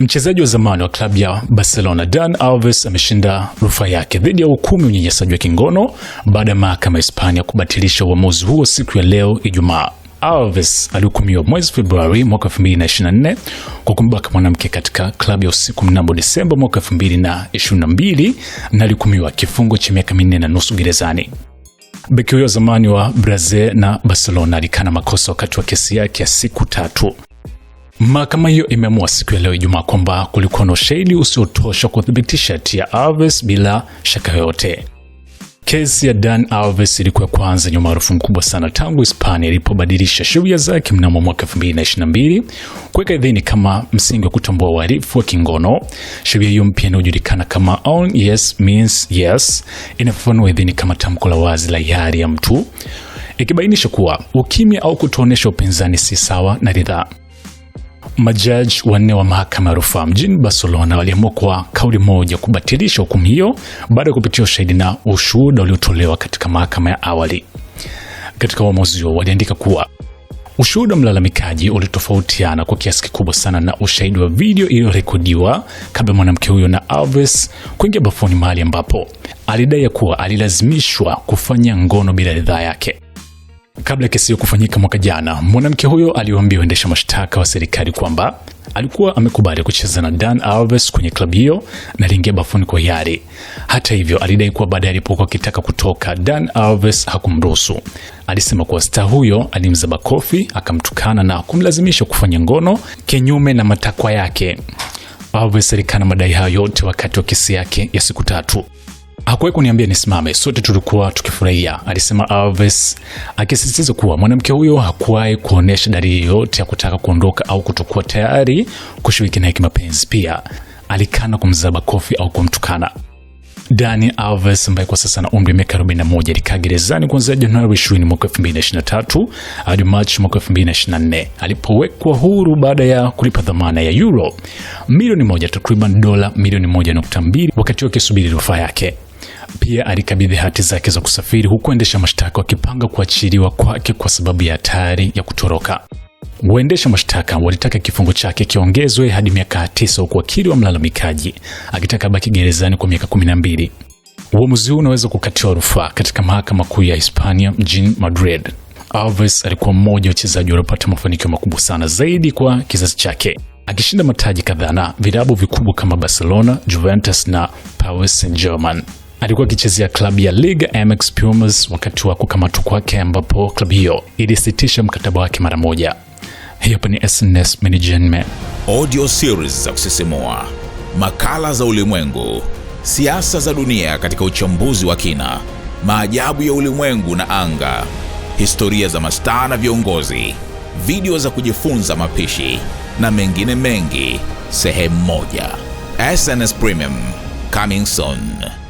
Mchezaji wa zamani wa klabu ya Barcelona dan Alves ameshinda rufaa yake dhidi ya hukumu unyanyasaji wa kingono baada ya mahakama ya Hispania kubatilisha uamuzi huo siku ya leo Ijumaa. Alves alihukumiwa mwezi Februari mwaka 2024 kwa kumbaka mwanamke katika klabu ya usiku mnamo Desemba mwaka 2022 na alihukumiwa kifungo cha miaka minne na nusu gerezani. Beki huyo zamani wa Brazil na Barcelona alikana makosa wakati wa kesi yake ya siku tatu. Mahakama hiyo imeamua siku ya leo Ijumaa kwamba kulikuwa na ushahidi usiotosha kuthibitisha tia Alves bila shaka yoyote. Kesi ya Dan Alves ilikuwa kwanza yenye umaarufu mkubwa sana tangu Hispania ilipobadilisha sheria zake mnamo mwaka 2022 kuweka idhini kama msingi wa kutambua uhalifu wa kingono. Sheria hiyo mpya inayojulikana kama yes means yes inafafanua idhini kama tamko la wazi la hiari ya mtu, ikibainisha kuwa ukimya au kutoonyesha upinzani si sawa na ridhaa. Majaji wanne wa mahakama ya rufaa mjini Barcelona waliamua kwa kauli moja kubatilisha hukumu hiyo baada ya kupitia ushahidi na ushuhuda uliotolewa katika mahakama ya awali. Katika uamuzi huo waliandika kuwa ushuhuda mlalamikaji ulitofautiana kwa kiasi kikubwa sana na ushahidi wa video iliyorekodiwa kabla mwanamke huyo na Alves kuingia bafuni, mahali ambapo alidai ya kuwa alilazimishwa kufanya ngono bila ridhaa yake. Kabla ya kesi hiyo kufanyika mwaka jana, mwanamke huyo aliwaambia waendesha mashtaka wa serikali kwamba alikuwa amekubali kucheza na Dan Alves kwenye klabu hiyo na aliingia bafuni kwa hiari. Hata hivyo, alidai kuwa baadaye alipokuwa akitaka kutoka, Dan Alves hakumruhusu. Alisema kuwa staa huyo alimzaba kofi, akamtukana na kumlazimisha kufanya ngono kinyume na matakwa yake. Alves alikana madai hayo yote wakati wa kesi yake ya siku tatu hakuwahi kuniambia nisimame, sote tulikuwa tukifurahia, alisema Alves, akisisitiza kuwa mwanamke huyo hakuwahi kuonyesha dalili yoyote ya kutaka kuondoka au kutokuwa tayari kushiriki naye kimapenzi. Pia alikana kumzaba kofi au kumtukana. Dani Alves ambaye kwa sasa ana umri wa miaka 41 alikaa gerezani kuanzia Januari 20 mwaka 2023 hadi Machi mwaka 2024 alipowekwa huru baada ya kulipa dhamana ya euro milioni moja, takriban dola milioni 1.2 wakati akisubiri rufaa yake. Pia alikabidhi hati zake za kusafiri huku waendesha mashtaka wakipanga kuachiliwa kwake kwa sababu ya hatari ya kutoroka. Waendesha mashtaka walitaka kifungo chake kiongezwe hadi miaka tisa huku wakili wa mlalamikaji akitaka baki gerezani kwa miaka 12. Uamuzi huu unaweza kukatiwa rufaa katika mahakama kuu ya Hispania mjini Madrid. Alves alikuwa mmoja wa wachezaji waliopata mafanikio makubwa sana zaidi kwa kizazi chake, akishinda mataji kadhaa na vilabu vikubwa kama Barcelona, Juventus na Paris Saint-Germain alikuwa akichezea klabu ya Liga MX Pumas wakati wa kukamatwa kwake, ambapo klabu hiyo ilisitisha mkataba wake mara moja. Hiyo ni SNS Management, audio series za kusisimua, makala za ulimwengu, siasa za dunia katika uchambuzi wa kina, maajabu ya ulimwengu na anga, historia za mastaa na viongozi, video za kujifunza mapishi na mengine mengi, sehemu moja. SNS Premium coming soon.